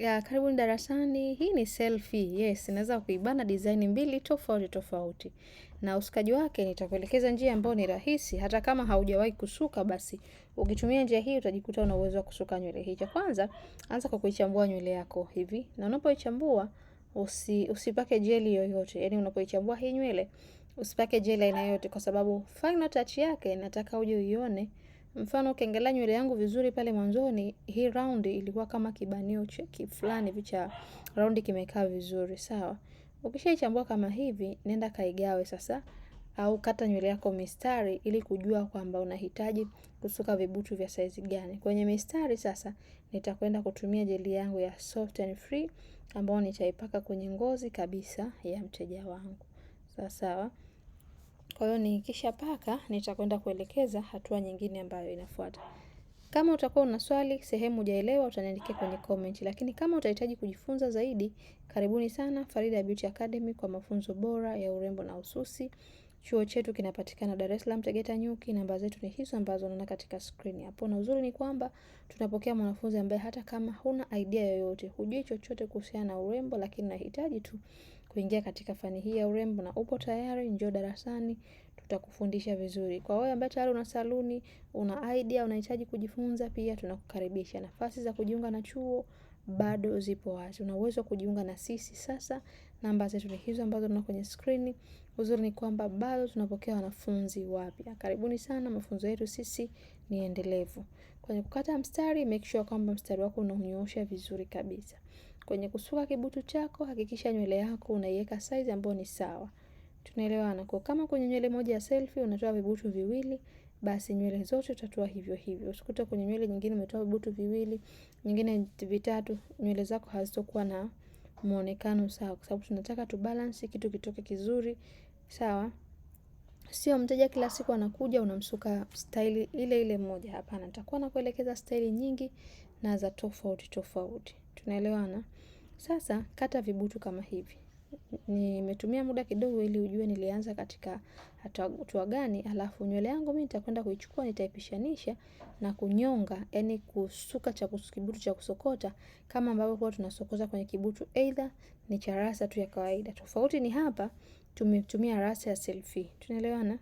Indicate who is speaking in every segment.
Speaker 1: ya karibu darasani. Hii ni selfie. Yes, naweza kuibana design mbili tofauti tofauti. Na usukaji wake nitakuelekeza njia ambayo ni rahisi hata kama haujawahi kusuka basi ukitumia njia hii utajikuta una uwezo wa kusuka nywele hii. Cha kwanza, anza kwa kuichambua nywele yako hivi. Na unapoichambua usi, usipake jeli yoyote. Yaani unapoichambua hii nywele usipake jeli aina yoyote kwa sababu final touch yake nataka uje uione Mfano ukiangalia nywele yangu vizuri pale mwanzoni, hii raundi ilikuwa kama kibanio fulani vicha round raundi kimekaa vizuri, sawa. Ukishaichambua kama hivi, nenda kaigawe sasa au kata nywele yako mistari ili kujua kwamba unahitaji kusuka vibutu vya saizi gani. Kwenye mistari sasa nitakwenda kutumia jeli yangu ya Soft and Free ambayo nitaipaka kwenye ngozi kabisa ya mteja wangu. Sawa sawa. Kwa hiyo nikisha paka nitakwenda kuelekeza hatua nyingine ambayo inafuata. Kama utakuwa una swali, sehemu hujaelewa, utaniandikia kwenye comment. Lakini kama utahitaji kujifunza zaidi, karibuni sana Farida Beauty Academy kwa mafunzo bora ya urembo na ususi. Chuo chetu kinapatikana Dar es Salaam Tegeta Nyuki, namba zetu ni hizo ambazo unaona katika screen hapo. Na uzuri ni kwamba tunapokea mwanafunzi ambaye hata kama huna idea yoyote, hujui chochote kuhusiana na urembo lakini unahitaji tu kuingia katika fani hii ya urembo na upo tayari, njoo darasani tutakufundisha vizuri. Kwa wewe ambaye tayari una saluni, una idea, unahitaji kujifunza pia tunakukaribisha. Nafasi za kujiunga na chuo bado zipo wazi. Una uwezo kujiunga na sisi sasa. Namba zetu ni hizo ambazo tuna kwenye screen. Uzuri ni kwamba bado tunapokea wanafunzi wapya. Karibuni sana, mafunzo yetu sisi ni endelevu. Kwenye kukata mstari, make sure kwamba mstari wako unaunyoosha vizuri kabisa. Kwenye kusuka kibutu chako hakikisha nywele yako unaiweka size ambayo ni sawa. Tunaelewana. Kwa kama kwenye nywele moja ya selfie unatoa vibutu viwili, basi nywele zote utatoa hivyo hivyo. Usikute kwenye nywele nyingine umetoa vibutu viwili, nyingine vitatu, nywele zako hazitokuwa na muonekano sawa kwa sababu tunataka tu balance kitu kitoke kizuri, sawa? Sio mteja kila siku anakuja unamsuka style ile ile moja. Hapana, nitakuwa nakuelekeza style nyingi na za tofauti tofauti. Tunaelewana? Sasa kata vibutu kama hivi. Nimetumia muda kidogo ili ujue nilianza katika hatua gani, alafu nywele yangu mimi nitakwenda kuichukua nitaipishanisha na kunyonga, yani kusuka cha kibutu cha kusokota kama ambavyo huwa tunasokota kwenye kibutu either ni cha rasa tu ya kawaida. Tofauti ni hapa tumetumia rasa ya selfie. Tunaelewana?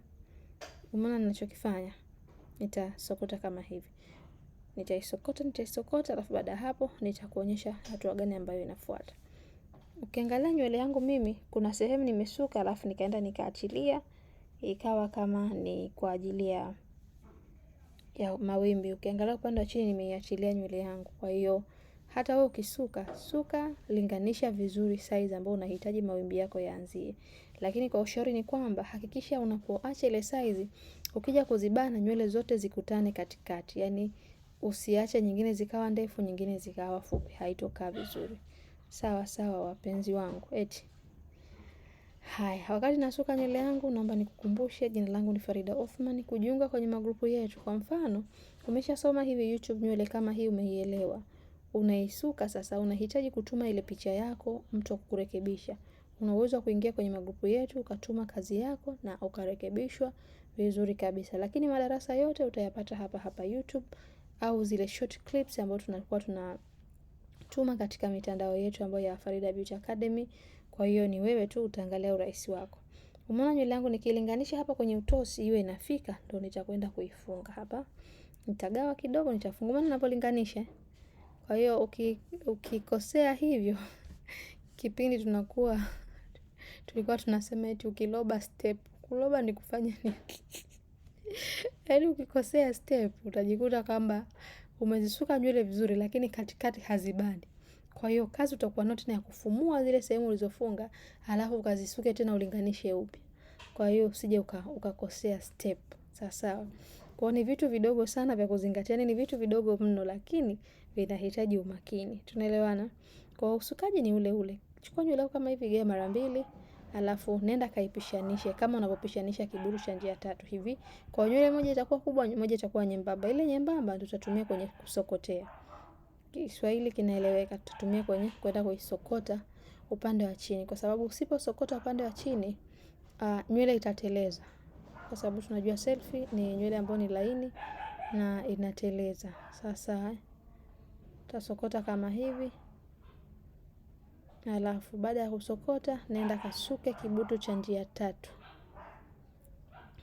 Speaker 1: Umeona ninachokifanya? Nitasokota kama hivi nitaisokota nitaisokota, alafu baada ya hapo nitakuonyesha hatua gani ambayo inafuata. Ukiangalia nywele yangu mimi, kuna sehemu nimesuka, alafu nikaenda nikaachilia, ikawa kama ni kwa ajili ya ya mawimbi. Ukiangalia upande wa chini, nimeiachilia nywele yangu. Kwa hiyo hata wewe ukisuka suka, linganisha vizuri size ambayo unahitaji mawimbi yako yaanzie. Lakini kwa ushauri ni kwamba hakikisha unapoacha ile size, ukija kuzibana nywele zote zikutane katikati, yani usiache nyingine zikawa ndefu, nyingine zikawa fupi, haitokaa vizuri. Sawa sawa wapenzi wangu, eti Haya, wakati nasuka nywele yangu, naomba nikukumbushe, jina langu ni Farida Othman. Kujiunga kwenye magrupu yetu, kwa mfano umeshasoma hivi YouTube, nywele kama hii umeielewa, unaisuka sasa, unahitaji kutuma ile picha yako, mtu akurekebisha, una uwezo wa kuingia kwenye magrupu yetu ukatuma kazi yako na ukarekebishwa vizuri kabisa. Lakini madarasa yote utayapata hapa hapa YouTube au zile short clips ambazo tunakuwa tunatuma katika mitandao yetu ambayo ya Farida Beauty Academy. Kwa hiyo ni wewe tu utaangalia urahisi wako. Umeona nywele yangu nikilinganisha hapa kwenye utosi iwe inafika, ndio nitakwenda kuifunga hapa. Nitagawa kidogo, maana ninapolinganisha. Kwa hiyo uki, ukikosea hivyo kipindi tunakuwa tulikuwa tunasema eti ukiloba step, kuloba ni kufanya nini? yaani ukikosea step utajikuta kwamba umezisuka nywele vizuri, lakini katikati hazibani. Kwa hiyo kazi utakuwa nayo tena ya kufumua zile sehemu ulizofunga, alafu ukazisuke tena ulinganishe upya. Kwa hiyo usije ukakosea step, sawasawa. Kwa ni vitu vidogo sana vya kuzingatia, yaani ni vitu vidogo mno, lakini vinahitaji umakini. Tunaelewana? Kwa usukaji ni ule ule, chukua nywele kama hivi, gea mara mbili alafu nenda kaipishanishe kama unavyopishanisha kiburu cha njia tatu hivi. Kwa nywele moja itakuwa kubwa, moja itakuwa nyembamba. Ile nyembamba ndio tutatumia kwenye kusokotea. Kiswahili kinaeleweka, tutatumia kwenye kwenda kuisokota upande wa chini, kwa sababu usiposokota upande wa chini uh, nywele itateleza, kwa sababu tunajua selfie ni nywele ambayo ni laini na inateleza. Sasa tasokota kama hivi alafu baada ya kusokota naenda kasuke kibutu cha njia tatu.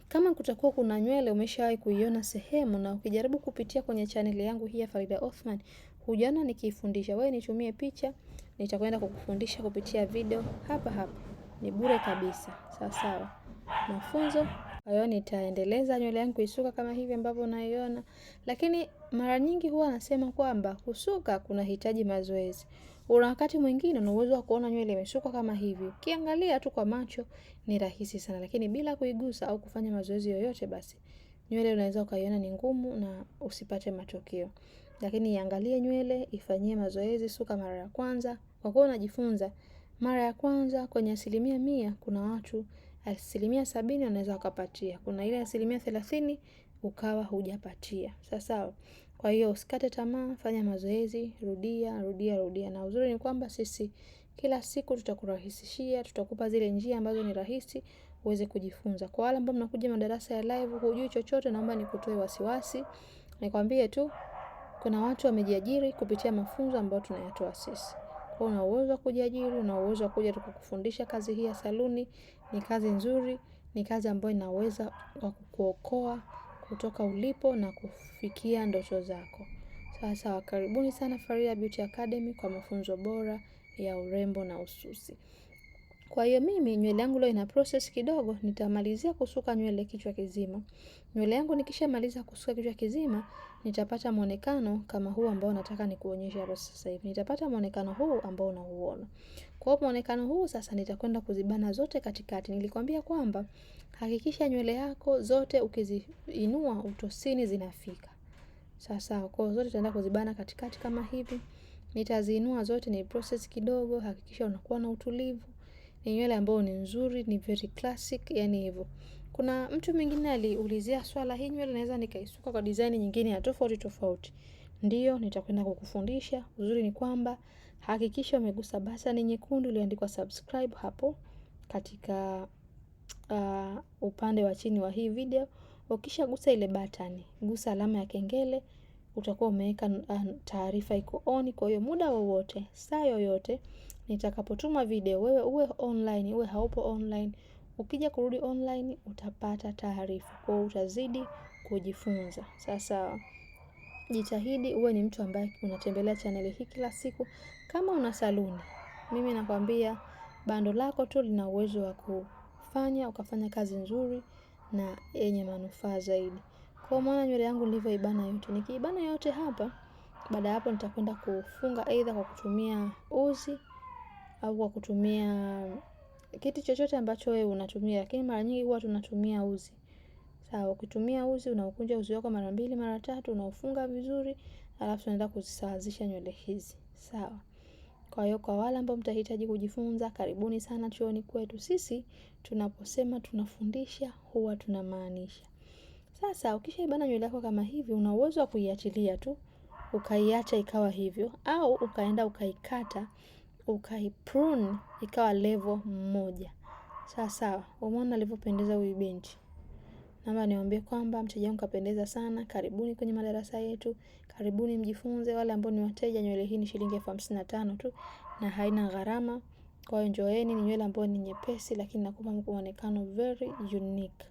Speaker 1: Kama kutakuwa kuna nywele umeshawahi kuiona sehemu na ukijaribu kupitia kwenye chaneli yangu hii ya Farida Othman, hujaona nikiifundisha. Wewe nitumie picha, nitakwenda kukufundisha kupitia video hapa hapa. Ni bure kabisa. Sawa sawa. Mafunzo kwa hiyo nitaendeleza nywele yangu kuisuka kama hivi ambavyo unaiona, lakini mara nyingi huwa nasema kwamba kusuka kuna hitaji mazoezi. Una wakati mwingine una uwezo wa kuona nywele imesukwa kama hivi, ukiangalia tu kwa macho ni rahisi sana, lakini bila kuigusa au kufanya mazoezi yoyote, basi nywele unaweza ukaiona ni ngumu na usipate matokeo. Lakini iangalie nywele, ifanyie mazoezi, suka mara ya kwanza. Kwa kuwa unajifunza, mara ya kwanza kwenye asilimia mia kuna watu asilimia sabini unaweza ukapatia, kuna ile asilimia thelathini ukawa hujapatia. Sasa kwa hiyo usikate tamaa, fanya mazoezi, rudia rudia rudia, na uzuri ni kwamba sisi kila siku tutakurahisishia, tutakupa zile njia ambazo ni rahisi uweze kujifunza. Kwa wale ambao mnakuja madarasa ya live hujui chochote, naomba nikutoe wasiwasi, nikwambie tu kuna watu wamejiajiri kupitia mafunzo ambayo tunayatoa sisi. Kwa una uwezo wa kujiajiri, una uwezo wa kuja tukakufundisha kazi hii ya saluni, ni kazi nzuri, ni kazi ambayo inaweza kukuokoa kutoka ulipo na kufikia ndoto zako. Sasa karibuni sana Faria Beauty Academy kwa mafunzo bora ya urembo na ususi. Kwa hiyo mimi nywele yangu leo ina process kidogo, nitamalizia kusuka nywele kichwa kizima. Nywele yangu nikishamaliza kusuka kichwa kizima, nitapata muonekano kama huu ambao nataka nikuonyeshe hapa sasa hivi. Nitapata mwonekano huu ambao unauona. Kwa hiyo muonekano huu sasa nitakwenda kuzibana zote katikati. Nilikwambia kwamba hakikisha nywele yako zote ukiziinua utosini zinafika. Sasa kwa hiyo zote tutaenda kuzibana katikati kama hivi. Nitaziinua zote ni process kidogo, hakikisha unakuwa na utulivu. Ni nywele ambayo ni nzuri, ni very classic, yani hivyo. Kuna mtu mwingine aliulizia swala hii nywele naweza nikaisuka kwa design nyingine ya tofauti tofauti. Ndiyo, nitakwenda kukufundisha. Uzuri ni kwamba Hakikisha umegusa basani nyekundu iliyoandikwa subscribe hapo katika uh, upande wa chini wa hii video. Ukishagusa ile batani, gusa alama ya kengele, utakuwa umeweka uh, taarifa iko on. Kwa hiyo muda wowote, saa yoyote nitakapotuma video, wewe uwe online uwe haupo online, ukija kurudi online utapata taarifa, kwa hiyo utazidi kujifunza. Sasa jitahidi uwe ni mtu ambaye unatembelea chaneli hii kila siku. Kama una saluni, mimi nakwambia bando lako tu lina uwezo wa kufanya ukafanya kazi nzuri na yenye manufaa zaidi. Kwa maana nywele yangu nilivyoibana yote, nikiibana yote hapa, baada hapo nitakwenda kufunga aidha kwa kutumia uzi au kwa kutumia kitu chochote ambacho wewe unatumia, lakini mara nyingi huwa tunatumia uzi. Sawa, ukitumia uzi unaokunja uzi wako mara mbili mara tatu, unaofunga vizuri, alafu unaenda kuzisawazisha nywele hizi. Sawa. Kwa hiyo kwa wale ambao mtahitaji kujifunza, karibuni sana chuoni kwetu. Sisi tunaposema tunafundisha huwa tunamaanisha. Sasa ukishaibana nywele yako kama hivi, una uwezo wa kuiachilia tu, ukaiacha ikawa hivyo, au ukaenda ukaikata, ukaiprune ikawa level moja. Sawa sawa. Umeona alivyopendeza huyu binti naomba niwaambie kwamba mteja wangu kapendeza sana, karibuni kwenye madarasa yetu, karibuni mjifunze. Wale ambao ni wateja, nywele hii ni shilingi elfu hamsini na tano tu na haina gharama. Kwa hiyo njoeni, ni nywele ambayo ni nyepesi, lakini nakupa muonekano very unique.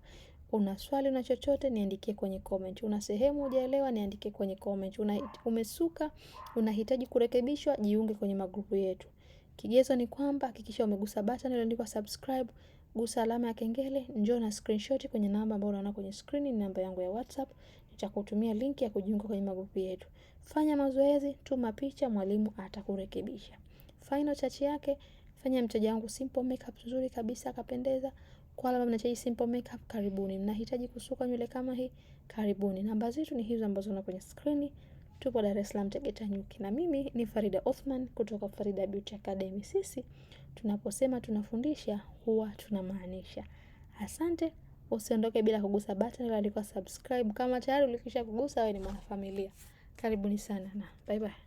Speaker 1: Una swali na chochote niandikie kwenye comment. Una sehemu hujaelewa niandikie kwenye comment. Una, umesuka unahitaji kurekebishwa, jiunge kwenye magrupu yetu. Kigezo ni kwamba hakikisha umegusa button iliyoandikwa subscribe gusa alama ya kengele, njoo na screenshot kwenye namba ambayo unaona kwenye screen. Ni namba yangu ya WhatsApp, nitakutumia link ya kujiunga kwenye magrupu yetu. Fanya mazoezi, tuma picha, mwalimu atakurekebisha. Final chachi yake, fanya mteja wangu simple makeup nzuri kabisa akapendeza. Kwa wale mnachaji simple makeup, karibuni. Mnahitaji kusuka nywele kama hii, karibuni. Namba zetu ni hizo ambazo unaona kwenye screen. Tupo Dar es Salaam, Tegeta Nyuki, na mimi ni Farida Othman kutoka Farida Beauty Academy. Sisi Tunaposema tunafundisha huwa tunamaanisha. Asante, usiondoke bila kugusa button iliyoandikwa subscribe. Kama tayari ulikisha kugusa, wewe ni mwanafamilia. Karibuni sana na bye bye.